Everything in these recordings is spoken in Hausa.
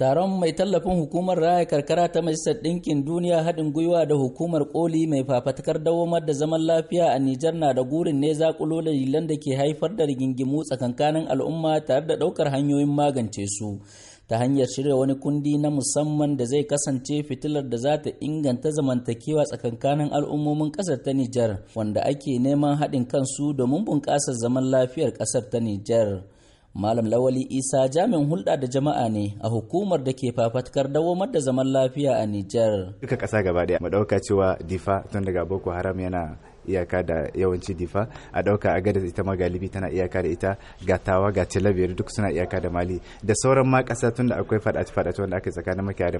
taron mai tallafin hukumar raya karkara ta majalisar ɗinkin duniya haɗin gwiwa da hukumar koli mai fafatakar dawomar da zaman lafiya a nijar na da gurin ne zakulo dalilan da ke haifar da rigingimu tsakankanin al'umma tare da ɗaukar hanyoyin magance su ta hanyar shirya wani kundi na musamman da zai kasance fitilar da za ta inganta zamantakewa tsakankanin al'ummomin ƙasar ta nijar wanda ake neman haɗin kansu domin bunƙasar zaman lafiyar ƙasar ta nijar Malam Lawali Isa jami'in hulɗa da jama'a ne a hukumar da ke fafatkar dawomar da zaman lafiya a Nijar. Duka ƙasa gaba ɗaya mu ɗauka cewa difa tun daga Boko Haram yana iyaka da yawanci difa a ɗauka a gada ita ma galibi tana iyaka da ita ga tawa ga talabiyar duk suna iyaka da mali da sauran ma ƙasa tun da akwai faɗace faɗace wanda aka tsakanin makiya da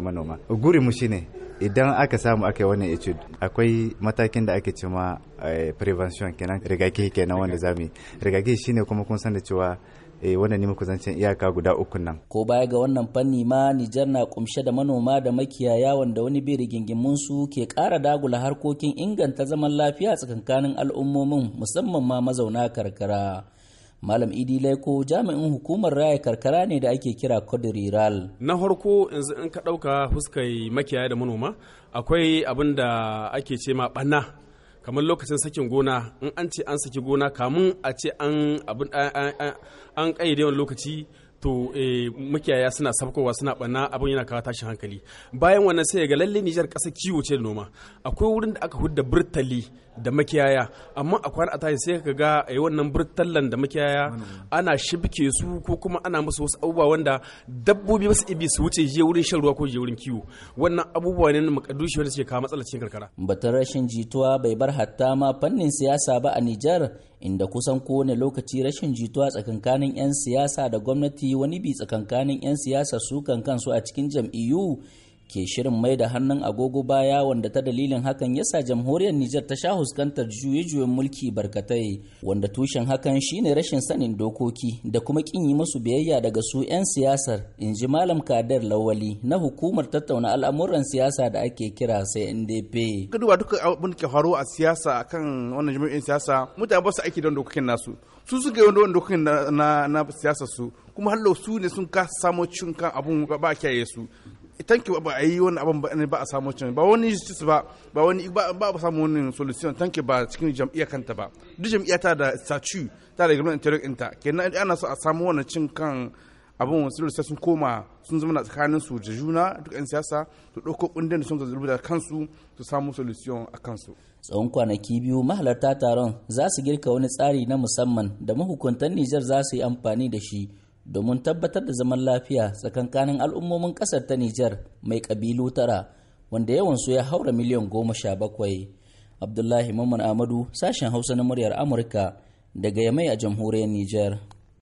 manoma guri mu shine idan aka samu aka yi wannan etude akwai matakin da ake cewa eh, prevention kenan rigakafi kenan wanda zamu yi rigakafi shine kuma kun san da cewa eh, wannan ne muku zancen iyaka guda uku nan. Ko baya ga wannan fanni ma Nijar na kumshe da manoma da makiyaya wanda wani bi rigingimun su ke kara dagula harkokin inganta zaman lafiya tsakankanin al'ummomin musamman ma mazauna karkara. Malam Idi Laiko jami'in hukumar raya karkara ne da ake kira Kodiriral. Na harko yanzu in ka ɗauka huskai makiyaya da manoma akwai abin da ake ce ma ɓanna kamar lokacin sakin gona in an ce an saki gona kamun a ce an abin an ƙayyade wani lokaci to eh, makiyaya suna sabkowa suna banna abin yana kawo tashin hankali bayan wannan sai ga lalle Nijar kasa kiwo ce da noma akwai wurin da aka hudda burtali da makiyaya amma a kwana a sai ka ga eh, wannan burtallan da makiyaya ana shibke su ko kuma ana musu wasu abubuwa wanda dabbobi ba su ibi su wuce je wurin shan ruwa ko je wurin kiwo wannan abubuwa ne na makadushi wanda suke kawo matsalar cikin karkara batun rashin jituwa bai bar hatta ma fannin siyasa ba a Nijar inda kusan kowane lokaci rashin jituwa tsakankanin 'yan siyasa da gwamnati wani bi tsakankanin 'yan siyasar sukan kansu a cikin jam'iyyu ke shirin mai da hannun agogo baya wanda ta dalilin hakan yasa jamhuriyar Nijar ta sha huskantar juye mulki barkatai wanda tushen hakan shine rashin sanin dokoki da kuma kin yi musu biyayya daga su 'yan siyasar in ji malam kadar lawali na hukumar tattauna al'amuran siyasa da ake kira sai NDP. Kaduwa duka abin ke faru a siyasa kan wannan jami'in siyasa mutane ba su aiki don dokokin nasu su suka yi wani dokokin na siyasa su kuma hallo su ne sun ka samo cin kan abun ba kiyaye su tanki ba a yi wani abin ba ba a samu cin ba wani justice ba ba wani ba ba samu wani solution tanki ba cikin jam'iyyar kanta ba duk jam'iyya ta da statue ta da gwamnatin interior inta kenan ana so a samu wani cin kan abin wasu lissa sun koma sun zama na tsakanin su da juna duk 'yan siyasa su ɗauko kundin da sun da kansu su samu solution a kansu. tsawon kwanaki biyu mahalarta taron za su girka wani tsari na musamman da mahukuntan nijar za su yi amfani da shi domin tabbatar da zaman lafiya tsakankanin al'ummomin ƙasar ta Nijar mai ƙabilu tara wanda yawansu ya haura miliyan goma sha bakwai. Abdullahi Mamman Amadu sashen Hausa na muryar Amurka daga Yamai a jamhuriyar Nijar.